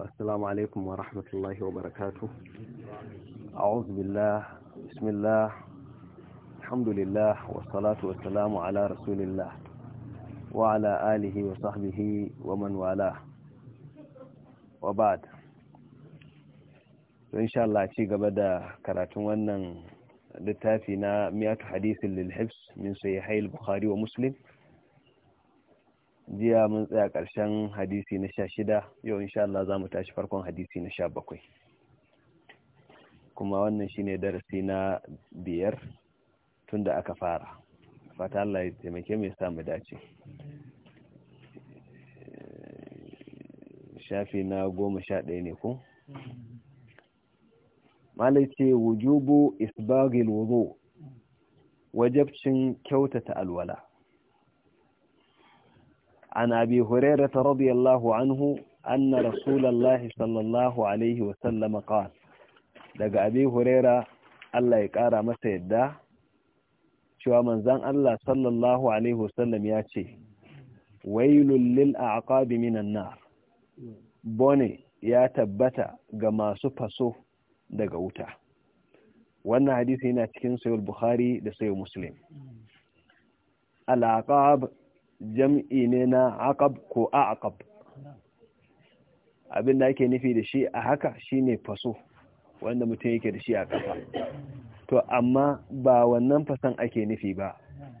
السلام عليكم ورحمة الله وبركاته أعوذ بالله بسم الله الحمد لله والصلاة والسلام على رسول الله وعلى آله وصحبه ومن والاه وبعد إن شاء الله ci gaba da karatun wannan littafi na miyatu hadisin lil hibs min sahihai al-bukhari wa muslim jiya mun tsaya ƙarshen hadisi na sha shida yau insha Allah za mu tashi farkon hadisi na sha bakwai kuma wannan shine darasi na biyar tun da aka fara fata Allah ya taimake mai samu dace shafi na goma sha ɗaya ne ku malai wujubu isbagil wuzo wajabcin kyautata alwala عن أبي هريرة رضي الله عنه أن رسول الله صلى الله عليه وسلم daga abi huraira Allah ya ƙara masa yadda cewa manzan Allah sallallahu alaihi wasallam ya ce wai lil aqabi minan nar bone ya tabbata ga masu faso daga wuta wannan hadisi yana cikin sayo bukhari da sayo muslim al jam'i ne na aqab ko aqab abin da ake nufi da shi a haka shine faso wanda mutum yake da shi a ƙasa to amma ba wannan fasan ake nufi ba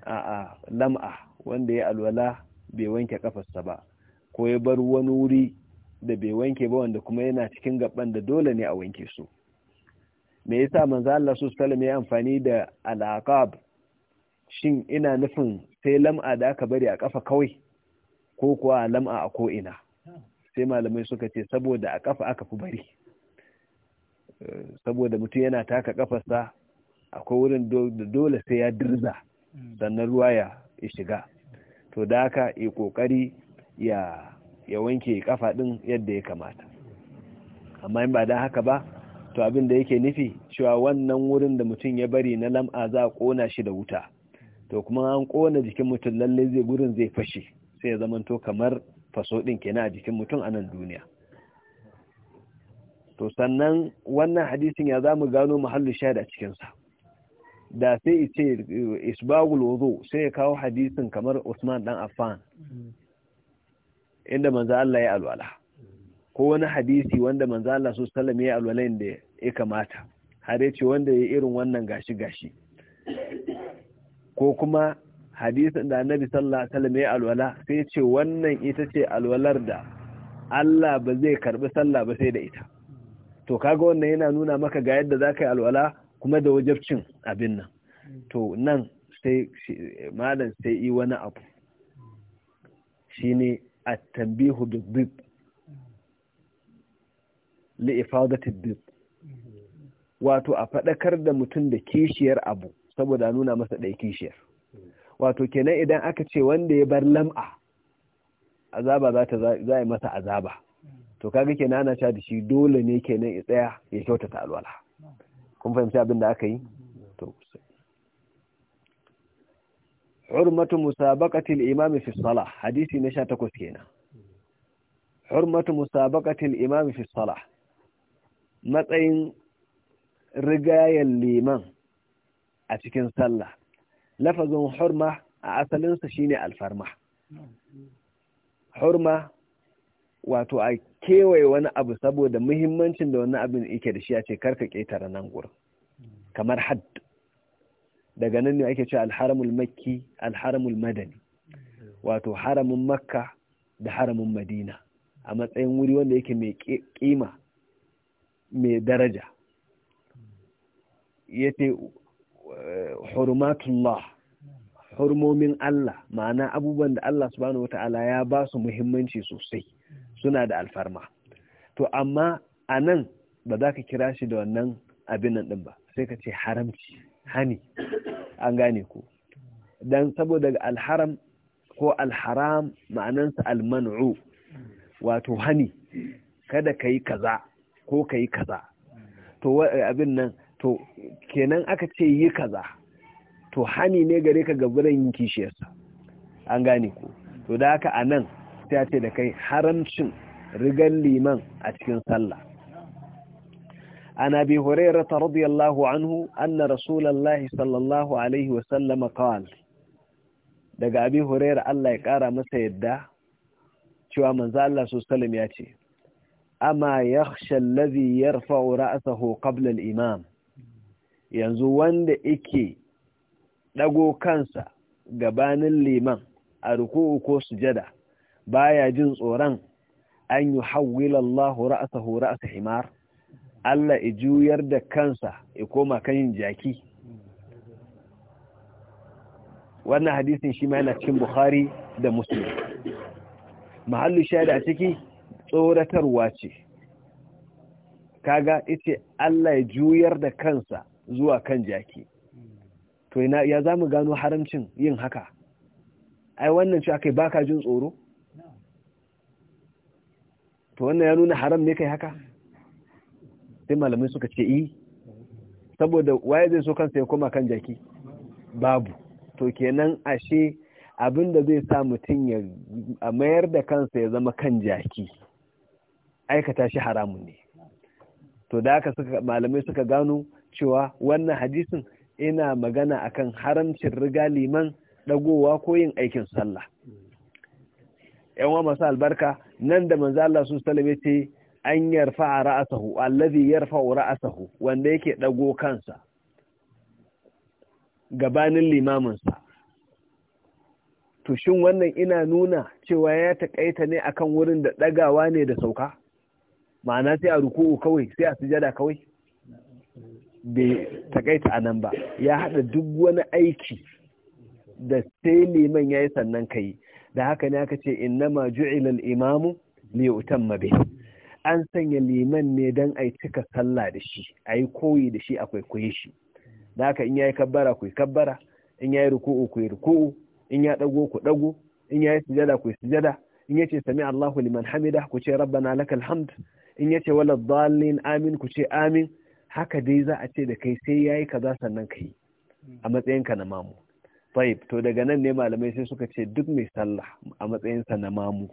a'a lam'a wanda ya alwala bai wanke kafarsa ba ko ya bar wani wuri da bai wanke ba wanda kuma yana cikin gaban da dole ne a wanke su me yasa manzo Allah alaihi wasallam ya amfani da al-aqab shin ina nufin sai lam'a da aka bari a kafa kawai ko kuwa lam'a a ko'ina sai malamai suka ce saboda a ƙafa aka fi bari saboda mutum yana taka ƙafarsa akwai wurin da dole sai ya dirza sannan ruwa ya shiga to da haka ya kokari ya wanke ƙafa ɗin yadda ya kamata amma in ba da haka ba to abin da yake nufi cewa wannan wurin da mutum ya bari na lam'a za a ƙona shi da wuta to kuma an kowane jikin mutum lallai zai gurin zai fashe sai ya zamanto kamar faso ɗin kenan a jikin mutum a nan duniya to sannan wannan hadisin ya zamu gano muhallin shahid a cikinsa, da sai ce isbagul wudu sai ya kawo hadisin kamar Usman dan Affan inda manzo Allah ya alwala ko wani hadisi wanda manzo Allah su sallame ya alwala inda ya kamata har ya ce wanda ya irin wannan gashi gashi ko kuma hadisin da annabi sallallahu alaihi wasallam ya alwala sai ce wannan ita ce alwalar da Allah ba zai karbi sallah ba sai da ita to kaga wannan yana nuna maka ga yadda zaka yi alwala kuma da wajabcin abin nan to nan sai malam sai yi wani abu shine at-tanbihu bi-dhib li ifadati wato a fadakar da mutum da kishiyar abu saboda nuna masa ɗai kishiyar wato kenan idan aka ce wanda ya bar lam'a azaba za ta za yi masa azaba to kaga kenan ana cewa da shi dole ne kenan ya tsaya ya kyautata alwala kun fahimci abin da aka yi to hurmatu musabaqatil imami fi hadisi na sha takwas kenan hurmatu musabaqatil imami fi matsayin rigayen liman a cikin sallah lafazin hurma a asalinsa shine alfarma hurma wato a kewaye wani abu saboda muhimmancin da wani abin yake da shi a ce karka ƙetare nan gurin kamar hadd daga nan ne ake ce alharamul makki alharamul madani wato haramin makka da haramin madina a matsayin wuri wanda yake mai kima mai daraja ya Eh, hurmatullah hurmomin Allah ma'ana abubuwan da Allah subhanahu wata'ala ya ba su muhimmanci sosai suna da alfarma to amma a nan ba za ka kira shi da wannan abin nan ba sai ka ce haramci hani an gane ku dan saboda alharam ko alharam ma'anansa alman'u wato hani kada ka yi kaza ko ka yi kaza to eh, abin nan to kenan aka ce yi kaza to hani ne gare ka gaburan yin kishiyarsa an gane ku to da haka a nan sai ce da kai haramcin rigar liman a cikin sallah an abi hurairah radiyallahu anhu anna rasulullahi sallallahu alaihi Wasallama kawal daga abi hurairah Allah ya kara masa yadda cewa manzo Allah sallallahu ya ce amma yakhsha allazi yarfa'u ra'sahu qabla al-imam yanzu wanda ike ɗago kansa gabanin liman a ruku'u ko sujada baya jin tsoron an yi hawwila Allah sahura a himar Allah i juyar da kansa i koma kan yin jaki wannan hadisin shi ma yana cikin Bukhari da Muslim mahallu shaida a ciki tsoratarwa ce kaga ita Allah ya juyar da kansa zuwa kan jaki to ina ya za mu gano haramcin yin haka ai wannan ce aka yi baka jin tsoro to wannan ya nuna haram ne kai haka sai malamai suka ce yi eh. saboda waye zai so kansa ya koma kan jaki babu to kenan ashe abin da zai sa mutum ya mayar da kansa ya zama kan jaki aikata shi haramun ne to da aka malamai suka gano cewa wannan hadisin ina magana akan haramcin riga liman dagowa ko yin aikin sallah yan masu albarka nan da manzo Allah su sallame ce an yarfa ra'asahu allazi yarfa ra'asahu wanda yake dago kansa gabanin limamin sa to shin wannan ina nuna cewa ya takaita ne akan wurin da dagawa ne da sauka ma'ana sai a ruku'u kawai sai a sujada kawai bai takaita a nan ba ya haɗa duk wani aiki da sai liman ya yi sannan ka yi da haka ne aka ce ma ju'ilal imamu li utamma bih an sanya liman ne don a cika sallah da shi a yi koyi da shi a kwaikwaye shi da haka in ya yi kabbara ku yi kabbara in ya yi ruku'u ku ruku'u in ya ɗago ku ɗago in ya yi sujada ku yi sujada in ya ce sami Allahu liman hamida ku ce rabbana lakal hamd in ya ce wala dhalin amin ku ce amin haka dai za a ce da kai sai ya yayi kaza sannan yi, a matsayin na mamu tayyib to daga nan ne malamai sai suka ce duk mai sallah a matsayin sa na mamu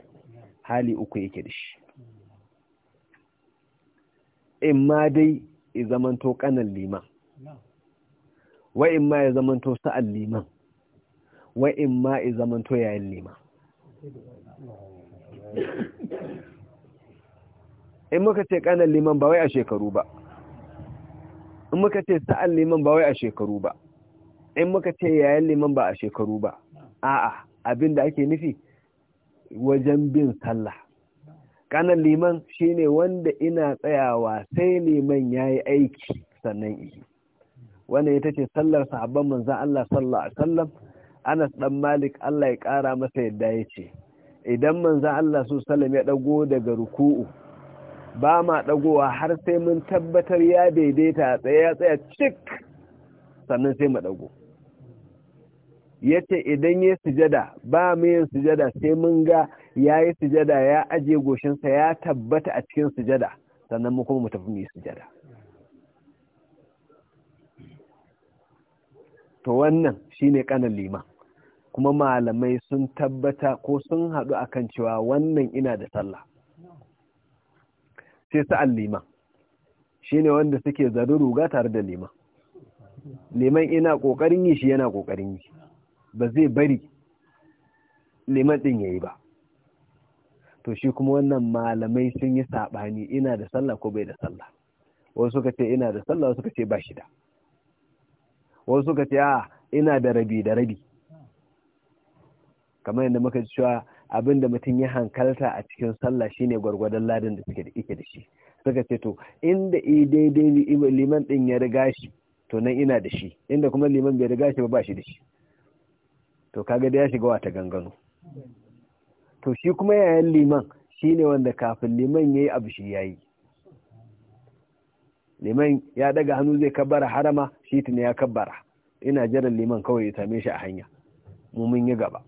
hali uku yake da shi in ma dai ya zamanto kanan liman wa in ma ya zamanto sa'an liman wa in ma ya zamanto yayin liman in muka ce kanan liman ba wai a shekaru ba in muka ce sa'an liman ba wai a shekaru ba in muka ce yayin liman ba a shekaru ba a'a abin da ake nufi wajen bin sallah kanan liman shine wanda ina tsayawa sai liman ya yi aiki sannan iyi wannan ita ce sallar sahabban manzan Allah sallar a sallar Anas dan Malik Allah ya kara masa yadda ya ce idan manzan Allah su sallam ya ɗago daga ruku'u ba ma ɗagowa har sai mun tabbatar ya daidaita tsaye ya tsaya cik sannan sai mu ɗago yace idan ya sujada ba mu yin sujada sai mun ga ya yi sujada ya ajiye goshinsa ya tabbata a cikin sujada sannan mu kuma mu tafi mu yi sujada to wannan shine kanan liman kuma malamai sun tabbata ko sun haɗu akan cewa wannan ina da sallah sai sa'an liman shine wanda suke zaru ruga tare da liman liman ina kokarin yi shi yana kokarin yi ba zai bari liman din yi ba to shi kuma wannan malamai sun yi saɓani, ina da sallah ko bai da sallah wasu suka ce ina da sallah wasu suka ce ba shi da wasu suka ce a ina da rabi da rabi kamar yadda muka ci cewa abin da mutum ya hankalta a cikin sallah shine gwargwadon ladin da suke da ike da shi suka ce to inda i daidai liman din ya riga shi to nan ina da shi inda kuma liman bai riga shi ba ba shi da shi to kaga da ya shiga wata gangano to shi kuma yayan liman shine wanda kafin liman ya yayi abu shi yi, liman ya daga hannu zai kabbara harama shi ne ya kabbara ina jiran liman kawai ya same shi a hanya mu mun gaba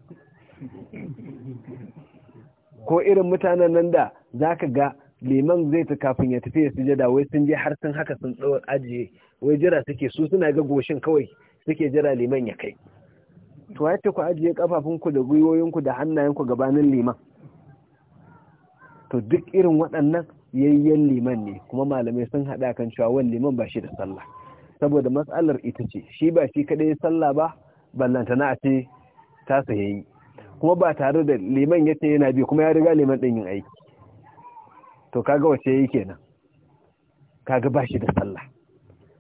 ko irin mutanen nan da za ka ga liman zai ta kafin ya tafi ya sujada wai sun je har sun haka sun tsawon ajiye wai jira suke su suna ga goshin kawai suke jira liman ya kai to ya ce ku ajiye kafafunku da gwiwoyinku da hannayenku gabanin liman to duk irin waɗannan yayyen liman ne kuma malamai sun haɗa kan cewa wani liman ba shi da sallah saboda matsalar ita ce shi ba shi kaɗai sallah ba ballantana a ce ta sayayi. kuma ba tare da liman yace yana bi kuma ya riga liman din yin aiki to kaga wace yake kenan kaga ba shi da sallah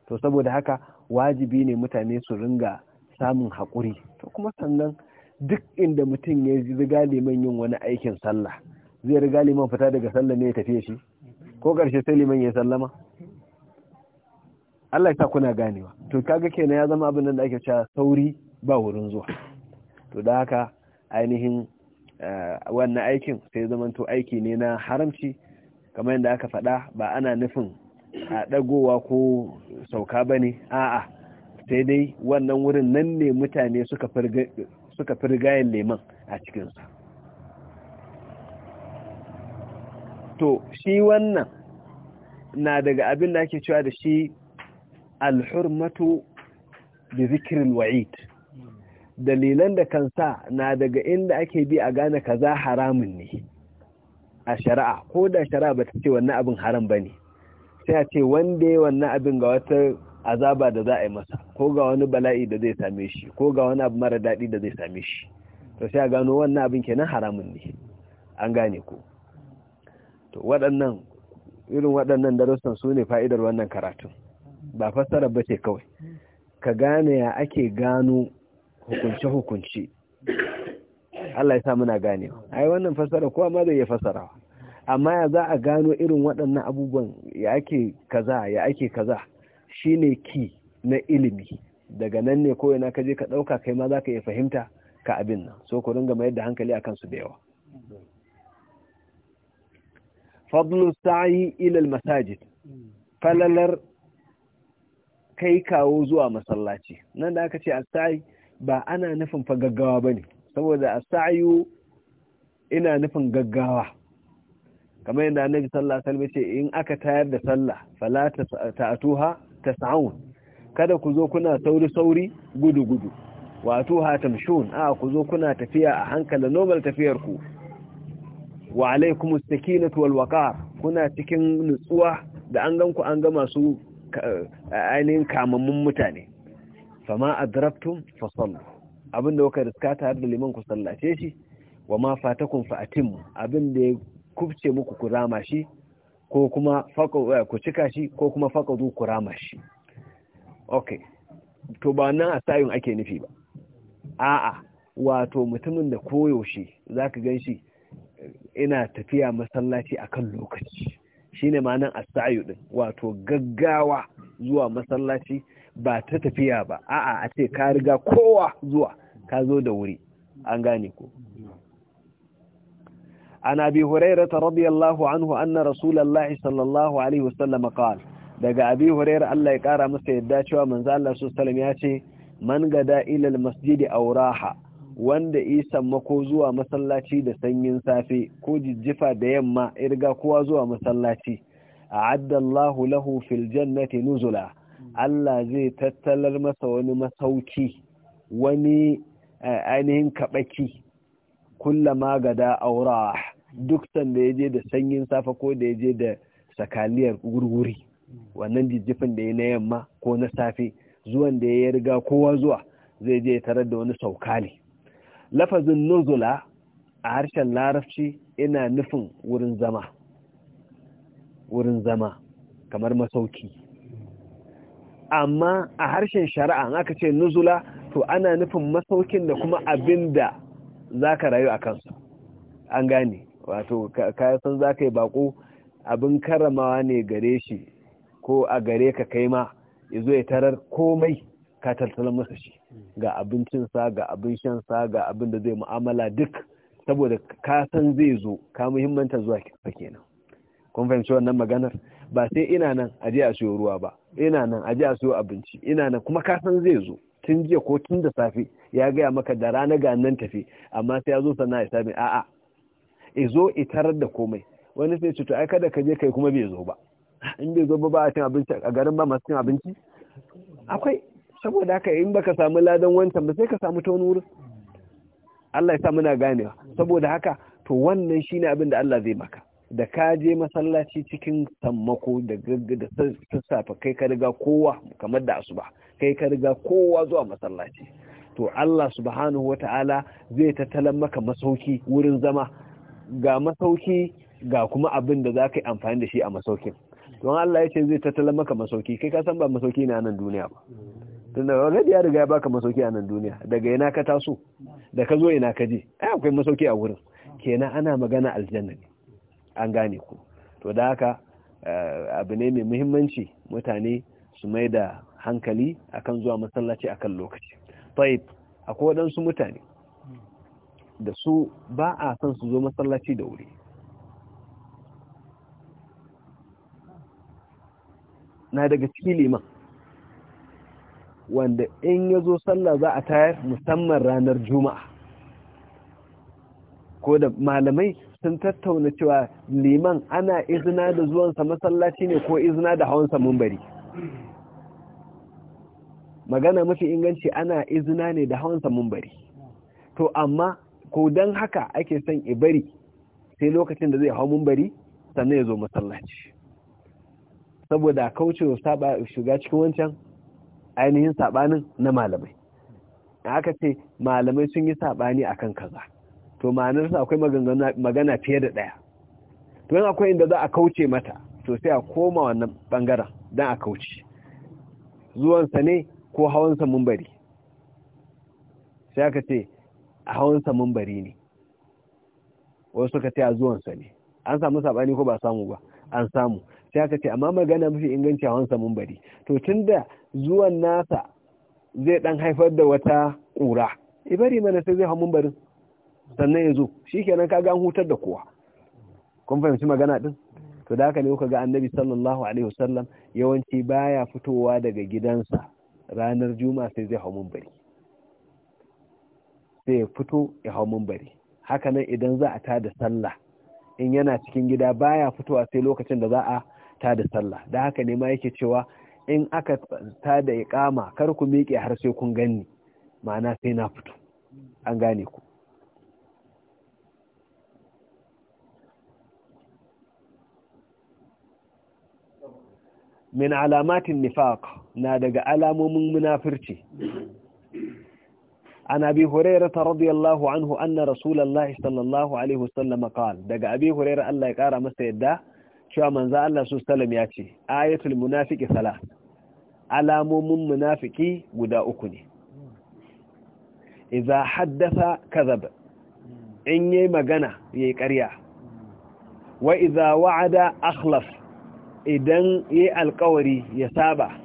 to saboda haka wajibi ne mutane su ringa samun hakuri. to kuma sannan duk inda mutum ya riga liman yin wani aikin sallah zai riga liman fita daga sallah ne ya tafiye shi ko ƙarshe sai liman ya sallama Allah ya sa kuna ganewa to kaga kenan ya zama abin da ake cewa sauri ba wurin zuwa to da haka ainihin eh, wannan aikin sai zamanto aiki ne na haramci kamar yadda aka faɗa ba ana nufin a ɗagowa ko sauka ba ne a'a sai dai wannan wurin nan ne mutane suka firgayen leman a cikinsa to shi wannan na daga abin da ake cewa da shi alhurmatu bi zikirin wa'id dalilan da kan sa na daga inda ake bi a gane kaza haramun ne a shari'a ko da shari'a ba ta ce wannan abin haram ba ne sai a ce wanda ya wannan abin ga wata azaba da za a yi masa ko ga wani bala'i da zai same shi ko ga wani abu mara daɗi da zai same shi to sai a gano wannan abin kenan haramun ne an gane ko to waɗannan irin waɗannan darussan su ne fa'idar wannan karatun ba fassara ba ce kawai ka gane ya ake gano hukunce-hukunce Allah ya sa muna gane ai wannan fassara kowa ma zai iya fasara amma ya za a gano irin waɗannan abubuwan ya ake kaza ya ake kaza shine ki na ilimi daga nan ne ko ka kaje ka ɗauka kai ma za ka iya fahimta ka abin nan so ku ringa mayar da hankali akan su da yawa fadlu sa'i ila al-masajid falalar kai kawo zuwa masallaci nan da aka ce a sa'i ba ana nufin fa gaggawa ba ne saboda a sa'ayu ina nufin gaggawa kamar yadda annabi Sallah, alaihi ce in aka tayar da sallah fala ta'atuha tas'un kada ku zo kuna sauri sauri gudu gudu wa atuha tamshun a ku zo kuna tafiya a hankali normal tafiyar ku wa alaikum sakinatu wal waqar kuna cikin nutsuwa da an ganku an ga masu ainihin kamammun mutane fama adrabtum fa sallu abinda kuka riska tare da liman ku sallace shi wa ma fatakum fa atimmu abinda ya kubce muku ku rama shi ko kuma ku cika shi ko kuma faqadu ku rama shi okay to ba nan a sayin ake nufi ba a'a wato mutumin da koyaushe zaka ganshi ina tafiya masallaci akan lokaci shine ma'anan as-sa'yu din wato gaggawa zuwa masallaci ba ta tafiya ba a'a a ce ka riga kowa zuwa ka zo da wuri an gane ko an abi hurairata radiyallahu anhu anna rasulullahi sallallahu alaihi wasallam qala daga abi hurairar Allah ya kara masa yadda cewa manzo Allah sallallahu ya ce man gada ila almasjidi aw raha wanda isan mako zuwa masallaci da sanyin safe ko jijjifa da yamma irga kowa zuwa masallaci a'adda Allahu lahu fil jannati nuzula Allah zai tattalar masa wani masauki wani eh, ainihin kaɓaki kullama gada aura duk sanda ya je da sanyin safa ko da ya je da sakaliyar gurguri wannan jijjifin da ya na yamma ko na safe zuwan da ya riga kowa zuwa zai je tare da wani saukali lafazin nuzula a harshen larabci ina nufin wurin wurin zama kamar masauki amma a harshen shari'a aka ce nuzula to ana nufin masaukin da kuma abin da za ka rayu a kansu an gane wato kayasan za ka yi bako abin karamawa ne gare shi ko a gare ka kai ma ya zo ya tarar komai ka tattalin masa shi ga abincinsa ga abin shansa ga abin da zai mu'amala duk saboda kasan zai zo ka muhimmanta zuwa kisa kenan kun fahimci wannan maganar ba sai ina nan a je a siyo ruwa ba ina nan aje a siyo abinci ina nan kuma ka san zai zo tun jiya ko tun da safe ya gaya maka da rana ga nan tafi amma sai ya zo sana ya sami a'a e zo itarar e da komai wani sai ce to ai kada ka je kai kuma bai zo ba in bai zo ba ba a cin abinci a garin ba masu cin abinci akwai saboda haka in baka samu ladan wancan ba sai ka samu ta wani wurin Allah ya sa muna ganewa saboda haka to wannan shine abin da Allah zai maka da ka je masallaci cikin sammako da da sassafe kai ka riga kowa kamar da asuba kai ka riga kowa zuwa masallaci to Allah subhanahu ta'ala zai tattalan maka masauki wurin zama ga masauki ga kuma abin da za ka yi amfani da shi a masaukin don Allah ya ce zai tattalan maka masauki kai ka san ba masauki na nan duniya ba tunda wani ya riga ya baka masauki a nan duniya daga ina ka taso da ka zo ina ka je ai akwai masauki a wurin kenan ana magana aljanna ne an gane ku to da haka eh, abu ne mai muhimmanci mutane su mai da hankali akan zuwa masallaci akan lokaci taib akwai waɗansu mutane da su ba a son su zo masallaci da wuri na daga ciki liman wanda in ya zo sallah za a tayar musamman ranar juma'a ko da malamai sun tattauna cewa liman ana izina da zuwansa masallaci ne ko izina da hawansa mumbari magana mafi inganci ana izina ne da hawansa mumbari to amma ko don haka ake son ibari sai lokacin da zai hau mumbari sannan ya zo masallaci saboda kaucewa saba shiga cikin wancan ainihin sabanin na malamai aka ce malamai sun yi sabani akan kaza to ma'anarsa akwai magana fiye da ɗaya to yana akwai inda za a kauce mata to sai a koma wannan ɓangaren don a kauce zuwansa ne ko hawansa mumbari sai aka ce a hawansa mumbari ne wasu suka ce a zuwansa ne an samu saɓani ko ba samu ba an samu sai aka ce amma magana mafi inganci a hawansa mumbari to tun da zuwan nasa zai ɗan haifar da wata ƙura ibari mana sai zai hau mumbarin sannan ya zo shi kenan ka ga an hutar da kowa kun fahimci magana din to da haka ne kuka ga annabi sallallahu alaihi wasallam yawanci baya fitowa daga gidansa ranar juma sai zai hau bari sai ya fito ya hau bari haka idan za a da sallah in yana cikin gida baya fitowa sai lokacin da za a da sallah da haka ne ma yake cewa in aka ta ya kama kar ku miƙe har sai kun gani ma'ana sai na fito an gane ku min alamatin nifaq na daga alamomin munafirci an abi ta radiyallahu anhu anna rasulullahi sallallahu alaihi wasallam qala daga abi hurairah Allah ya kara masa yadda cewa manzo Allah su sallam ya ce ayatul munafiqi sala alamomin munafiki guda uku ne idza haddatha kadhab in yayi magana yayi ƙarya wa idza wa'ada akhlaf idan yi alkawari ya saba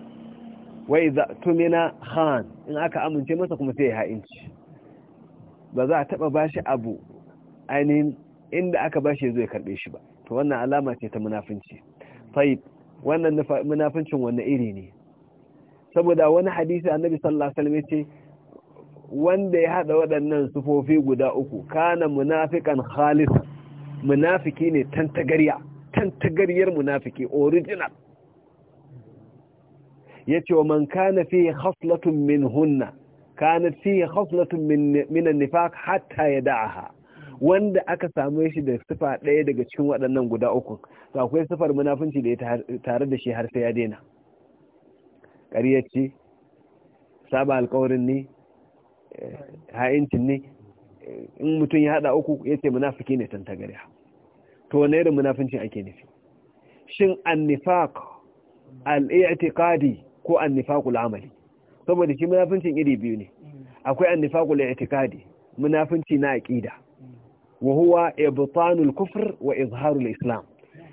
wai za tumina khan in aka amince masa kuma sai ya ha'inci ba za a taba bashi abu ainihin inda aka bashi zai karbe shi ba to wannan alama ce ta munafinci tayyib wannan munafincin wanne iri ne saboda wani hadisi annabi sallallahu alaihi wasallam yace wanda ya hada waɗannan sufofi guda uku kana munafikan khalis munafiki ne tantagariya tantagariyar munafiki original ce wa man kana fi haslatun min hunna kana fi haslatun min nifak hatta ya da'aha wanda aka samu shi da sifa ɗaya daga cikin waɗannan guda uku to akwai sifar munafunci da ya tare da shi har sai ya daina ƙarya saba alƙawarin ne eh, ha'incin ne eh, in mutum ya haɗa uku ya ce munafiki ne tantagariya to wane irin munafincin ake nufi shin annifaq al-i'tiqadi ko annifaqul amali saboda shi munafincin iri biyu ne akwai annifaqul i'tiqadi munafinci na aqida wa huwa ibtanul kufr wa izharul islam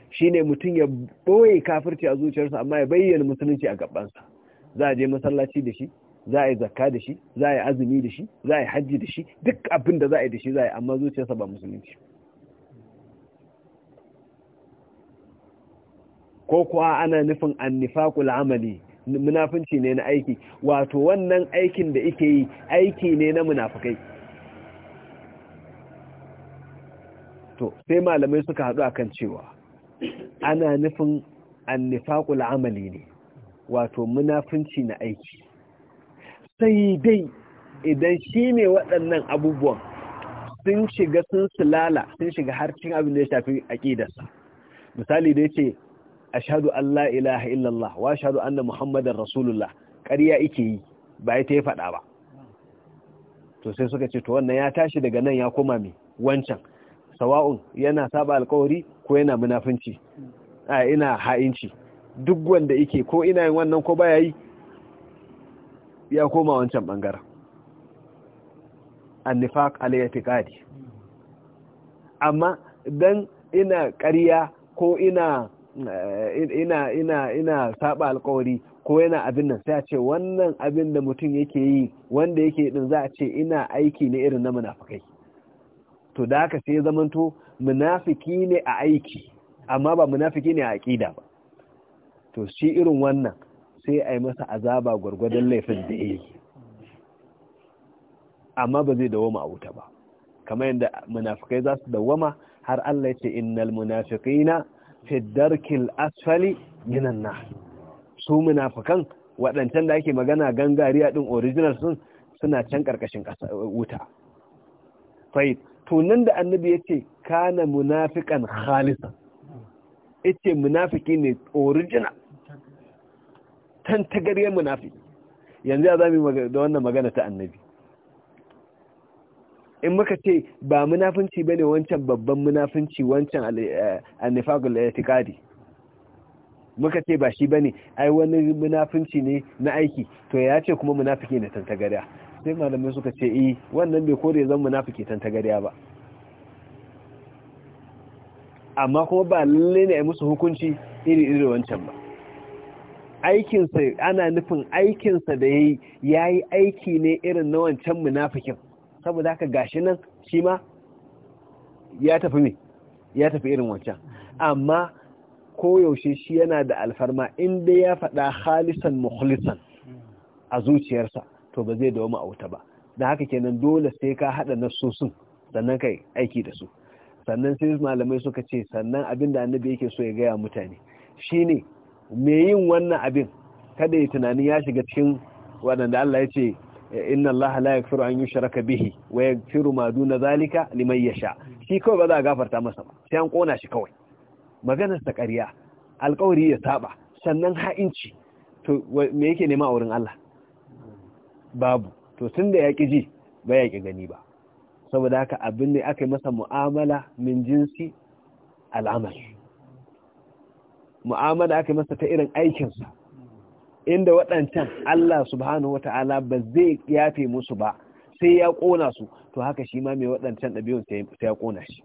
shine mutum ya boye kafirci a zuciyarsa amma ya bayyana musulunci a gabansa za a je masallaci da shi za a yi zakka da shi za a yi azumi da shi za a yi hajji da shi duk abin da za a yi da shi za a yi amma zuciyarsa ba musulunci ba ko kuwa ana nufin annifaqul amali munafinci ne na aiki wato wannan aikin da ike yi aiki ne na munafikai to sai malamai suka hadu akan cewa ana nufin annifaqul amali ne wato munafinci na aiki sai dai idan shi ne waɗannan abubuwan sun shiga sun sulala sun shiga har cin abin da ya shafi aƙidarsa misali da ya ce Ashadu an la ilaha illallah wa ashadu anna muhammadan rasulullah ƙarya ike yi ba ya ta yi faɗa ba to sai suka ce to wannan ya tashi daga nan ya koma mai wancan sawa'un yana saba alkawari ko yana munafinci a ina ha'inci duk wanda ike ko ina yin wannan ko baya yi ya koma wancan bangaren annifaq al-i'tiqadi amma dan ina ƙarya ko ina Eh, ina ina ina saba alkawari ko yana abin nan sai a ce wannan abin da mutum yake yi wanda yake din za a ce ina aiki ne irin na munafikai to da haka sai zamanto munafiki ne a aiki amma ba munafiki ne a aqida ba to shi irin wannan sai a yi masa azaba gwargwadon laifin da yake amma ba zai dawoma a wuta ba kamar yadda munafukai za su dawoma har Allah ya ce innal munafiqina fi asfali ginan na su munafikan waɗancan da ake magana gangariya ɗin original sun suna can ƙarƙashin wuta fai tunan da annabi ya ce, kana munafikan ya ce munafiki ne original tantagaryar munafi. yanzu ya zami da wannan magana ta annabi in muka ce ba munafunci bane wancan babban munafunci wancan annifaqul eh, i'tiqadi muka ce ba shi bane ai wani munafunci ne na aiki to ya ce kuma munafiki ne tantagariya sai malamai suka ce eh wannan bai kore zan munafiki tantagariya ba amma kuma ba lalle ne ai musu hukunci iri iri wancan ba aikinsa ana nufin aikinsa da ya yi aiki ne irin na wancan munafikin saboda haka gashi nan shi ma ya tafi ne ya tafi irin wancan amma koyaushe shi yana da alfarma inda ya faɗa halisan mukhlisan a zuciyarsa to ba zai dawo ma'auta ba da haka kenan dole sai ka haɗa nassosin sannan kai aiki da su sannan sai malamai suka ce sannan abin da annabi yake so ya gaya mutane shine me yin wannan abin kada ya tunanin ya shiga cikin waɗanda Allah ya ce inna Allah la yaghfiru an yushraka bihi wa yaghfiru ma duna zalika liman yasha shi kawai ba za a gafarta masa ba sai an kona shi kawai maganar ta ƙarya alƙawari ya saba sannan ha'inci to me yake nema a wurin Allah babu to tunda ya ki ji ba ya gani ba saboda haka abin ne aka yi masa mu'amala min jinsi al'amal mu'amala aka masa ta irin aikinsa inda waɗancan Allah subhanahu ta'ala ba zai yafe musu ba sai ya ƙona su to haka shi ma mai waɗancan ɗabi'un sai ya ƙona shi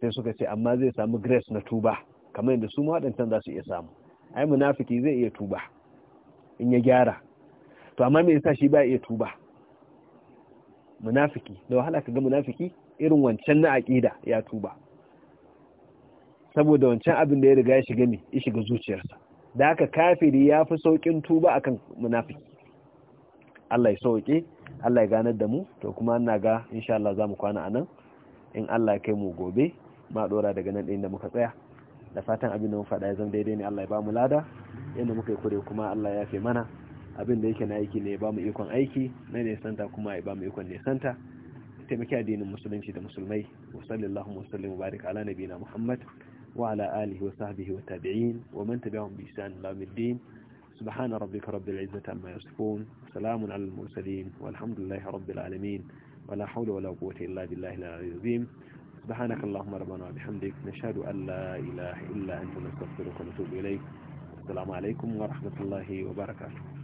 sai suka ce amma zai samu grace na tuba kamar yadda su ma waɗancan za su iya samu ai munafiki zai iya tuba in ya gyara to amma me yasa shi ba iya tuba munafiki da wahala ka ga munafiki irin wancan na aƙida ya tuba saboda wancan abin da ya riga ya shiga ne ya shiga zuciyarsa da haka kafiri ya fi saukin tuba a kan munafiki Allah ya sauke Allah ya ganar da mu to kuma ana ga insha Allah za mu kwana a nan, in Allah ya kai mu gobe ma dora daga nan ɗin da muka tsaya da fatan abin da mu faɗa ya zama daidai ne Allah ya ba mu lada yadda muka yi kure kuma Allah ya fi mana abin da yake na aiki ne ya ba mu ikon aiki na nesanta kuma ya ba mu ikon nesanta taimaki addinin musulunci da musulmai wa sallallahu wa ala nabiyina muhammad وعلى آله وصحبه والتابعين ومن تبعهم بإحسان إلى يوم الدين سبحان ربك رب العزة عما يصفون سلام على المرسلين والحمد لله رب العالمين ولا حول ولا قوة إلا بالله العلي العظيم سبحانك اللهم ربنا وبحمدك نشهد أن لا إله إلا أنت نستغفرك ونتوب إليك السلام عليكم ورحمة الله وبركاته